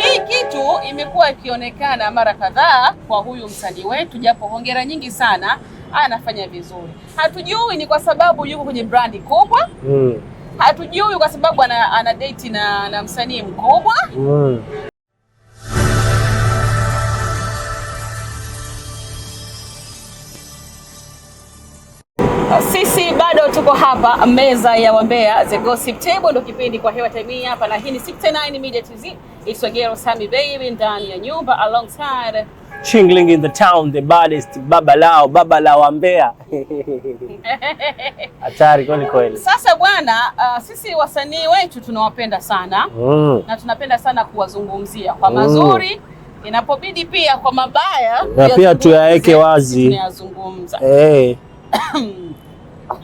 Hii kitu imekuwa ikionekana mara kadhaa kwa huyu msanii wetu, japo hongera nyingi sana, anafanya vizuri. Hatujui ni kwa sababu yuko kwenye brandi kubwa mm. Hatujui kwa sababu ana, ana date na, na msanii mkubwa mm. Sisi bado tuko hapa meza ya wambea, the gossip table ndo kipindi kwa hewa time hapa, na hii ni 69 Media TV. It's Wagero Sami Baby ndani ya nyumba alongside Chingling in the town, the baddest, baba lao, baba la wambea. Hatari kweli kweli. Sasa bwana, uh, sisi wasanii wetu tunawapenda sana mm. na tunapenda sana kuwazungumzia kwa mazuri mm. inapobidi pia kwa mabaya na pia tuyaweke wazi. Tunayazungumza. Hey. Eh.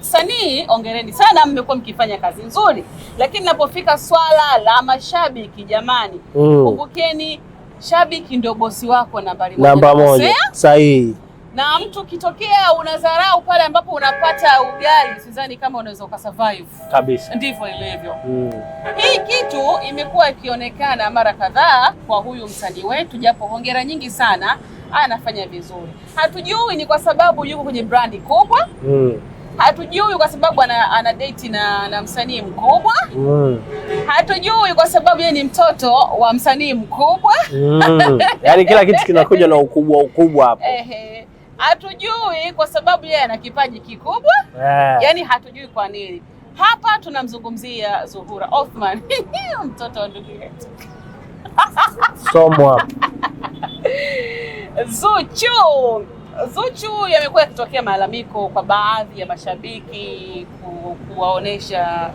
Sanii, ongereni sana, mmekuwa mkifanya kazi nzuri, lakini napofika swala la mashabiki, jamani, mm. kumbukeni mm. shabiki ndio bosi wako nambari namba moja, sahihi na mtu kitokea unadharau pale ambapo unapata ugali, sidhani kama unaweza ukasurvive kabisa. Ndivyo ilivyo mm. Hii kitu imekuwa ikionekana mara kadhaa kwa huyu msanii wetu, japo hongera nyingi sana, anafanya vizuri. Hatujui ni kwa sababu yuko kwenye brandi kubwa mm hatujui kwa sababu ana, ana date na, na msanii mkubwa mm. hatujui kwa sababu yeye ni mtoto wa msanii mkubwa mm. yaani kila kitu kinakuja na ukubwa ukubwa hapo. Ehe. hatujui kwa sababu yeye ana kipaji kikubwa yeah. yaani hatujui kwa nini hapa tunamzungumzia Zuhura Othman mtoto wa ndugu yetu hapo Zuchu Zuchu yamekuwa yakitokea malalamiko kwa baadhi ya mashabiki ku, kuwaonesha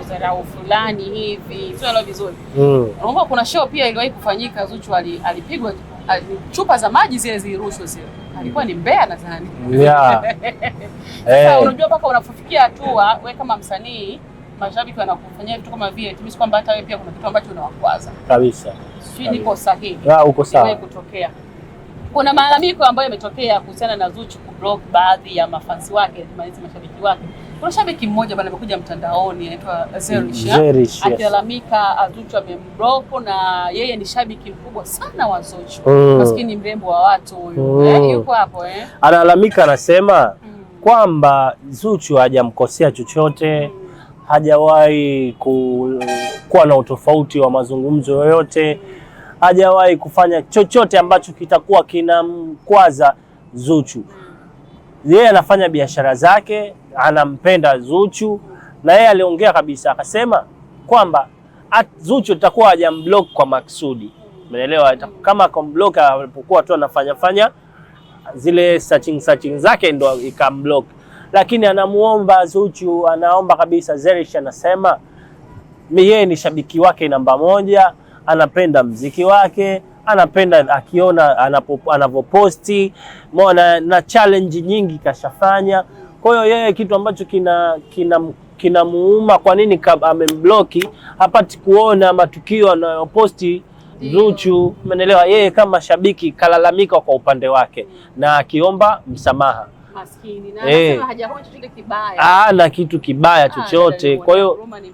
uh, dharau fulani hivi sio vizuri mm. Naomba kuna show pia iliwahi kufanyika Zuchu alipigwa chupa za maji zile zilirushwa zile alikuwa ni mbea nadhani yeah. Hey. Eh. Unajua mpaka unafufikia hatua wewe kama msanii mashabiki wanakufanyia vitu kama vile tumisi kwamba hata wewe pia kuna kitu ambacho unawakwaza kabisa. Sijui niko sahihi. Ah, uko sawa. Kutokea kuna malalamiko ambayo yametokea kuhusiana na Zuchu kublock baadhi ya mafansi wake, mashabiki wake. Kuna shabiki mmoja bwana amekuja mtandaoni anaitwa Zerish yes. Akilalamika ah, Zuchu amemblock na yeye ni shabiki mkubwa sana wa Zuchu mm. Maskini mrembo wa watu huyu mm. Eh, yuko hapo eh. Analalamika anasema mm. kwamba Zuchu hajamkosea chochote mm. hajawahi ku, kuwa na utofauti wa mazungumzo yoyote mm hajawahi kufanya chochote ambacho kitakuwa kinamkwaza Zuchu. Yeye anafanya biashara zake, anampenda Zuchu, na yeye aliongea kabisa akasema kwamba Zuchu atakuwa hajamblock kwa maksudi, umeelewa? Kama akamblock alipokuwa tu anafanya fanya zile searching searching zake ndo ikamblock, lakini anamuomba Zuchu, anaomba kabisa. Zerish anasema yeye ni shabiki wake namba moja anapenda mziki wake, anapenda akiona anavyoposti mona na challenge nyingi kashafanya. Kwa hiyo yeye kitu ambacho kina kina kinamuuma kwa nini amembloki, hapati kuona matukio anayoposti Zuchu, umeelewa? Yeye kama shabiki kalalamika kwa upande wake na akiomba msamaha maskini na eh. anasema hajaona chochote kibaya. Hana kitu kibaya ah, chochote, kwa hiyo yaani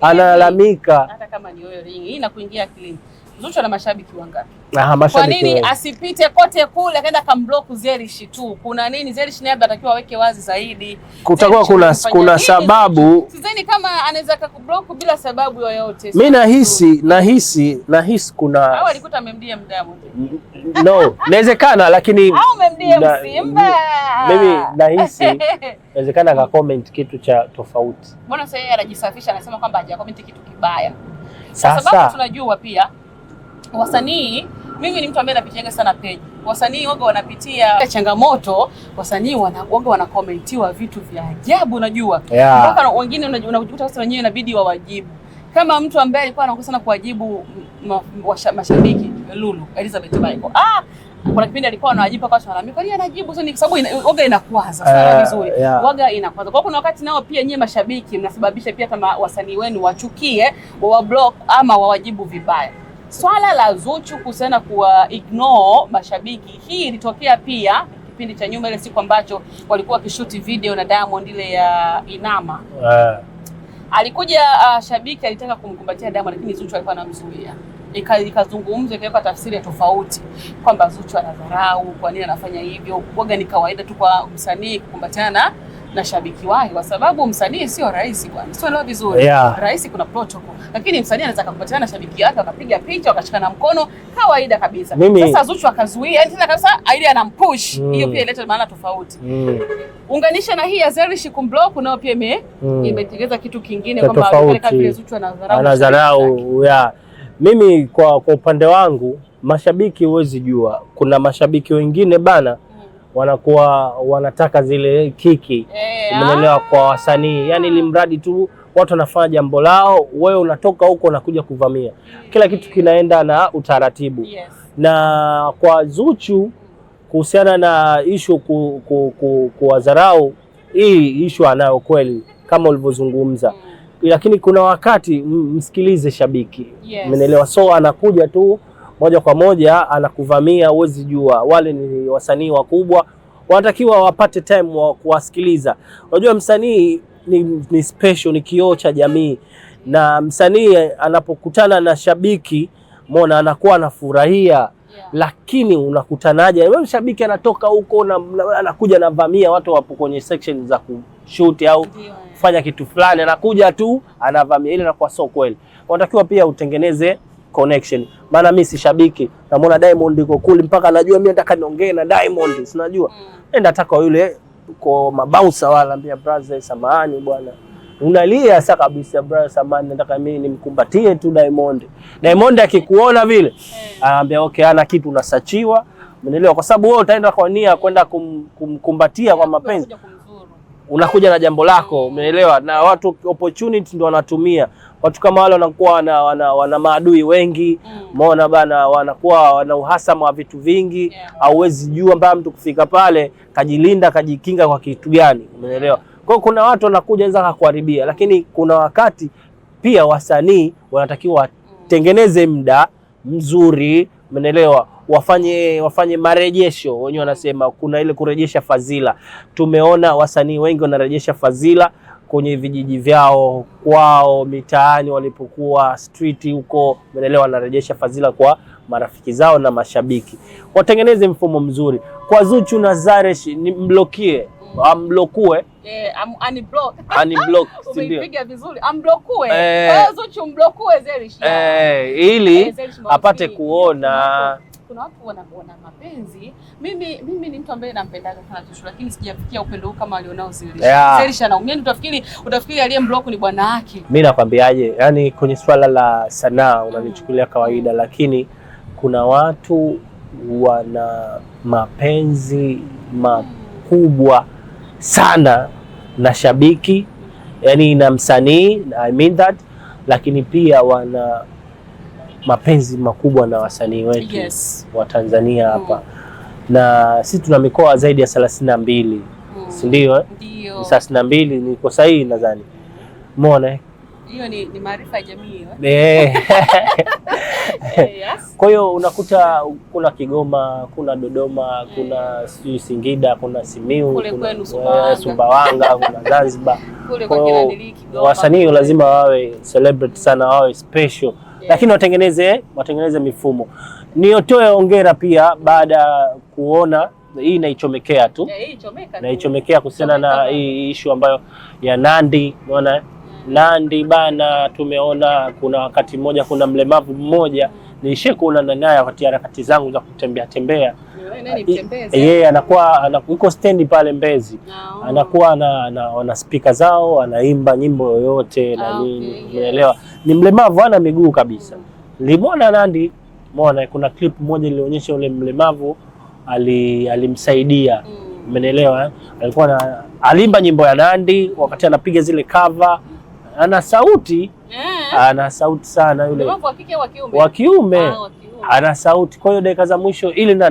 analalamika hata kama ni oil ring hii akilini. Zuchu ana mashabiki wangapi? Ah, mashabiki. Kwa nini asipite kote kule akaenda kamblock Zerish tu? Kuna nini? Zerish naye anatakiwa aweke wazi zaidi. Kutakuwa kuna kuna sababu. Sidhani kama anaweza akakublock bila sababu yoyote. Mimi nahisi nahisi nahisi kuna au alikuta amemdia Diamond. No, inawezekana lakini au amemdia na, Simba. Mimi nahisi inawezekana ka comment kitu cha tofauti. Mbona sasa yeye anajisafisha anasema kwamba haja comment kitu kibaya. Sasa, sababu tunajua pia wasanii mimi ni mtu ambaye napitiaga sana peji. Wasanii waga wanapitia changamoto, wasanii waga wanakomentiwa vitu vya ajabu, unajua mpaka yeah. wengine unajikuta sasa wenyewe inabidi wawajibu, kama mtu ambaye alikuwa anaongoza sana kuwajibu mashabiki Lulu Elizabeth Michael. Ah, kuna kipindi alikuwa anawajibu kwa sababu kwa nini anajibu sio, ni kwa sababu ina, waga inakwaza sana eh, vizuri uh, yeah. Waga inakwaza kwa, kuna wakati nao pia nyie mashabiki mnasababisha pia kama wasanii wenu wachukie, wa block ama wawajibu vibaya. Swala la Zuchu kuhusiana kuwa ignore mashabiki, hii ilitokea pia kipindi cha nyuma, ile siku ambacho walikuwa wakishuti video na Diamond ile ya Inama. Uh, alikuja uh, shabiki alitaka kumkumbatia Diamond, lakini Zuchu alikuwa anamzuia ikazungumzwa ikawekwa tafsiri ya tofauti kwamba Zuchu anadharau, kwa nini anafanya hivyo? Kuoga ni kawaida tu kwa msanii kukumbatana na shabiki wake, kwa sababu msanii sio rais bwana, sio leo vizuri yeah. Rais kuna protocol, lakini msanii anaweza kukutana na shabiki wake akapiga picha akashikana mkono kawaida kabisa. Mimi... sasa Zuchu akazuia, yani tena kabisa ile anampush mm. hiyo mm. pia ileta maana tofauti mm. unganisha na hii ya Zerish kumblock, nao pia ime mm. imetengeza kitu kingine kwamba kama vile Zuchu anadharau yeah. Mimi kwa, kwa upande wangu mashabiki, huwezi jua kuna mashabiki wengine bana wanakuwa wanataka zile kiki yeah. Umeelewa, ah. kwa wasanii yani, ili mradi tu watu wanafanya jambo lao, wewe unatoka huko unakuja kuvamia. Kila kitu kinaenda na utaratibu yes. Na kwa Zuchu kuhusiana na ishu ku, ku, ku, kuwadharau, hii ishu anayo kweli kama ulivyozungumza mm. Lakini kuna wakati msikilize shabiki yes. Umeelewa, so anakuja tu moja kwa moja anakuvamia, huwezi jua. Wale ni wasanii wakubwa, wanatakiwa wapate time wa kuwasikiliza. Unajua msanii ni, ni special, ni kioo cha jamii, na msanii anapokutana na shabiki mona anakuwa anafurahia Yeah. Lakini unakutanaje? Wewe shabiki anatoka huko na, na, anakuja anavamia watu wapo kwenye section za kushoot au yeah, kufanya kitu fulani, anakuja tu anavamia ile, na kwa so kweli unatakiwa pia utengeneze connection. Maana mimi si shabiki, namuona Diamond yuko cool mpaka najua mimi nataka niongee na Diamond, si najua enda mm. taka yule kwa mabausa wala ambia brother, samahani bwana unalia sasa kabisa brother, samahani nataka mimi nimkumbatie tu Diamond. Diamond akikuona vile eh. anaambia okay, ana kitu unasachiwa, umeelewa? Kwa sababu wewe utaenda kwa nia kwenda kumkumbatia kum, kwa yaani mapenzi, unakuja na jambo lako, umeelewa? Na watu opportunity ndio wanatumia wale wanakuwa wana, wana, wana maadui wengi mm. umeona mm. bana, wanakuwa wana uhasama wa vitu vingi hauwezi yeah. jua mpaka mtu kufika pale kajilinda kajikinga kwa kitu gani, umeelewa? Kwa kuna watu wanakuja anza kukuharibia, lakini kuna wakati pia wasanii wanatakiwa mm. watengeneze muda mzuri, umeelewa? Wafanye wafanye marejesho, wenyewe wanasema kuna ile kurejesha fadhila. Tumeona wasanii wengi wanarejesha fadhila kwenye vijiji vyao kwao mitaani walipokuwa street huko, umeelewa? Wanarejesha fadhila kwa marafiki zao na mashabiki, watengeneze mfumo mzuri kwa Zuchu na Zaresh, ni mlokie amblokue ili eh, apate kuona kuna watu wanaona mapenzi. Mimi mimi ni mtu ambaye nampenda sana Tishu, lakini sijafikia upendo huu kama alionao Zilisha. Yeah. Zilisha naumia, utafikiri utafikiri aliye mblock ni bwana yake. Mimi nakwambiaje, yani kwenye swala la sanaa unanichukulia mm. kawaida, mm. lakini kuna watu wana mapenzi makubwa sana na shabiki, yani na msanii, I mean that, lakini pia wana mapenzi makubwa na wasanii wetu yes, wa Tanzania mm. hapa mm. na sisi tuna mikoa zaidi ya thelathini na mbili mm. si ndio? Eh? thelathini na mbili niko sahihi nadhani, umeona eh? hiyo ni, ni maarifa ya jamii eh? Eh. Eh, Yes. Kwa hiyo unakuta kuna Kigoma, kuna Dodoma, kuna sijui Singida, kuna Simiu, kule kuna Sumbawanga, Sumbawanga kuna Zanzibar. Wasanii lazima wawe celebrity sana, wawe special yeah. Lakini watengeneze watengeneze mifumo. Niotoe ongera pia baada ya kuona hii naichomekea tu yeah, naichomekea kuhusiana na hii ishu ambayo ya Nandi unaona Nandi bana, tumeona kuna wakati mmoja kuna mlemavu mmoja nilishakuonana naye wakati harakati zangu za kutembea tembea, yeye anakuwa yuko stendi pale Mbezi, anakuwa na spika zao anaimba nyimbo yoyote na ah, nini, unaelewa. Ni mlemavu ana miguu kabisa. Nilimwona Nandi mona, kuna clip moja ilionyesha ule mlemavu alimsaidia, mm. umeelewa. Eh? Alikuwa alimba nyimbo ya Nandi wakati anapiga zile cover ana sauti yeah. ana sauti sana yule wa kiume ah, ana sauti. Kwa hiyo dakika za mwisho ili na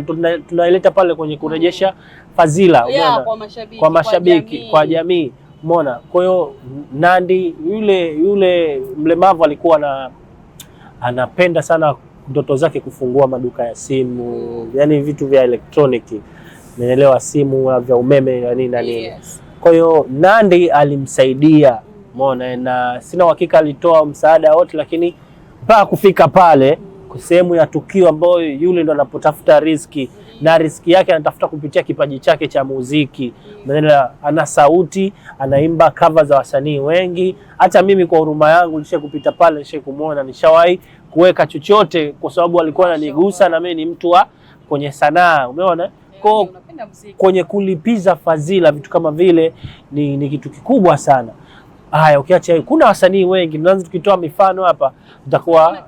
tunaileta pale kwenye kurejesha fadhila oh, yeah, kwa mashabiki, kwa, mashabiki, kwa jamii mona. Kwa hiyo Nandy yule yule mlemavu alikuwa na anapenda sana ndoto zake kufungua maduka ya simu, yani vitu vya elektroniki, naelewa simu vya umeme na nini na nini yes. Kwa hiyo Nandy alimsaidia umeona, na sina uhakika alitoa msaada wote, lakini mpaka kufika pale sehemu ya tukio ambayo yule ndo anapotafuta riziki na riziki yake anatafuta kupitia kipaji chake cha muziki. Maana ana sauti, anaimba cover za wasanii wengi. Hata mimi kwa huruma yangu nishe kupita pale, nishe kumwona, nishawahi kuweka chochote, kwa sababu alikuwa ananigusa na mimi ni mtu wa kwenye sanaa, umeona kwa yaani, kwenye kulipiza fadhila, vitu kama vile ni, ni kitu kikubwa sana. Haya, ukiacha hiyo kuna wasanii wengi, tunaanza tukitoa mifano hapa tutakuwa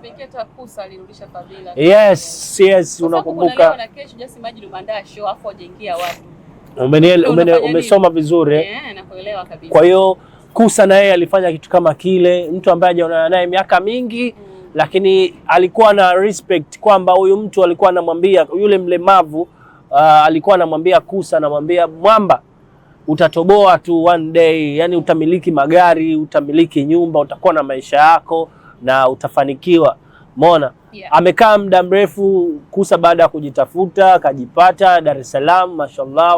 yes, yes, unakumbuka umesoma vizuri yeah, eh, kwa hiyo Kusa na yeye alifanya kitu kama kile, mtu ambaye hajaonana naye miaka mingi mm. Lakini alikuwa na respect kwamba huyu mtu alikuwa anamwambia yule mlemavu uh, alikuwa anamwambia Kusa, anamwambia mwamba utatoboa tu one day, yani utamiliki magari, utamiliki nyumba, utakuwa na maisha yako na utafanikiwa. Mona yeah. Amekaa muda mrefu Kusa, baada ya kujitafuta akajipata Dar es Salaam, mashallah,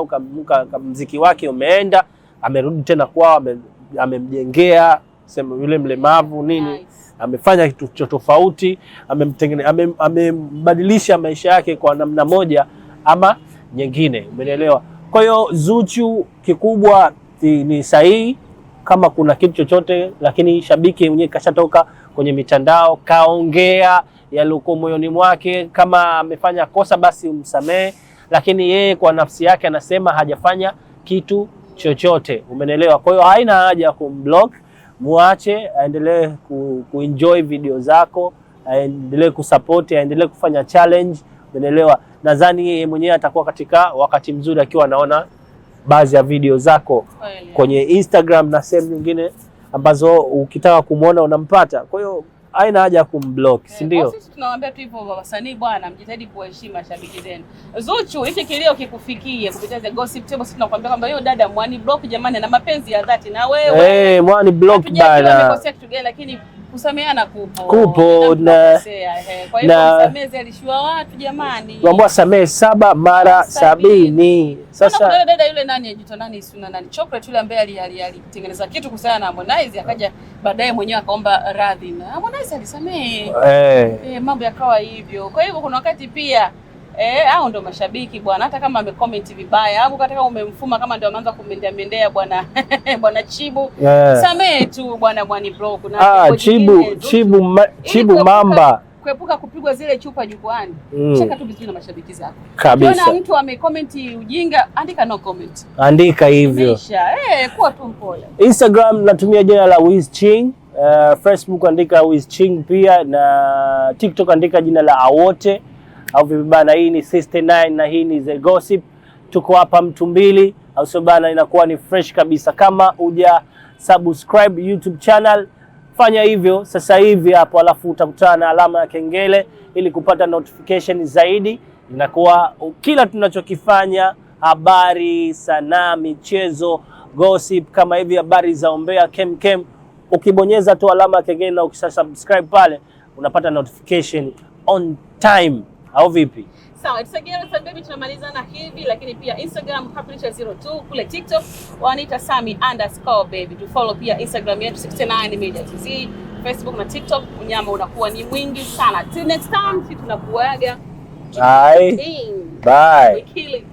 mziki wake umeenda, amerudi tena kwao, amemjengea sema yule mlemavu nini nice. Amefanya kitu cho tofauti, amembadilisha maisha yake kwa namna moja ama nyingine, umeelewa? Kwa hiyo Zuchu kikubwa ni sahihi kama kuna kitu chochote, lakini shabiki mwenyewe kashatoka kwenye mitandao, kaongea yaliokuwa moyoni mwake. Kama amefanya kosa, basi umsamehe, lakini yeye kwa nafsi yake anasema hajafanya kitu chochote, umenelewa? Kwa hiyo haina haja ya kumblock, muache aendelee kuenjoy video zako, aendelee kusupport, aendelee kufanya challenge, umenelewa? nadhani yeye mwenyewe atakuwa katika wakati mzuri akiwa anaona baadhi ya video zako Kwele. kwenye Instagram na sehemu nyingine ambazo ukitaka kumwona unampata. Kwa hiyo haina haja ya kumblock, si eh, ndio? Sisi tunawaambia tu hivyo wasanii, bwana, mjitahidi kuheshimu mashabiki zenu. Zuchu, hiki kilio kikufikie kupitia The Gossip Table, sisi tunakwambia kwamba hiyo dada Mwani Block jamani, na mapenzi ya dhati na wewe. Eh, hey, Mwani Block bana. Tunajua kitu gani lakini kusameheana kupo, kupo na kuambiwa samehe saba mara sabini. Sasa dada yule nani ajitwa nani Isuna nani chocolate yule ambaye alitengeneza kitu kuhusiana na Harmonize akaja baadaye mwenyewe akaomba radhi na Harmonize alisamehe, eh, eh mambo yakawa hivyo. Kwa hivyo kuna wakati pia Eh, hao ndio mashabiki bwana, hata kama amecomment vibaya au katika umemfuma kama ndio ameanza kumendea mendea bwana bwana Chibu yeah. Samee tu bwana Mwani bro, kuna ah, Chibu jine, Chibu ma, yaani Chibu kuepuka, mamba kuepuka kupigwa zile chupa jukwani mm. Cheka tu vizuri na mashabiki zako kabisa. Kuna mtu amecomment ujinga, andika no comment, andika hivyo eh, kuwa tu mpole. Instagram natumia jina la Wiz Ching. Uh, Facebook andika Wiz Ching pia na TikTok andika jina la Awote au vipi bana? Hii ni 69 na hii ni The Gossip, tuko hapa Mtumbili, au sio bana? Inakuwa ni fresh kabisa. Kama uja subscribe YouTube channel fanya hivyo sasa hivi hapo, alafu utakutana na alama ya kengele ili kupata notification zaidi. Inakuwa kila tunachokifanya habari, sanaa, michezo, gossip kama hivi, habari za ombea kem kem, ukibonyeza tu alama ya kengele na ukisha subscribe pale unapata notification on time au vipi? Sawa, baby, tunamalizana hivi, lakini pia Instagram happylicha02, kule TikTok wanaita Sami underscore baby. Tu follow pia Instagram yetu 69 Media TV, Facebook na TikTok. Unyama unakuwa ni mwingi sana. Till next time, tunakuaga. Bye. Bye.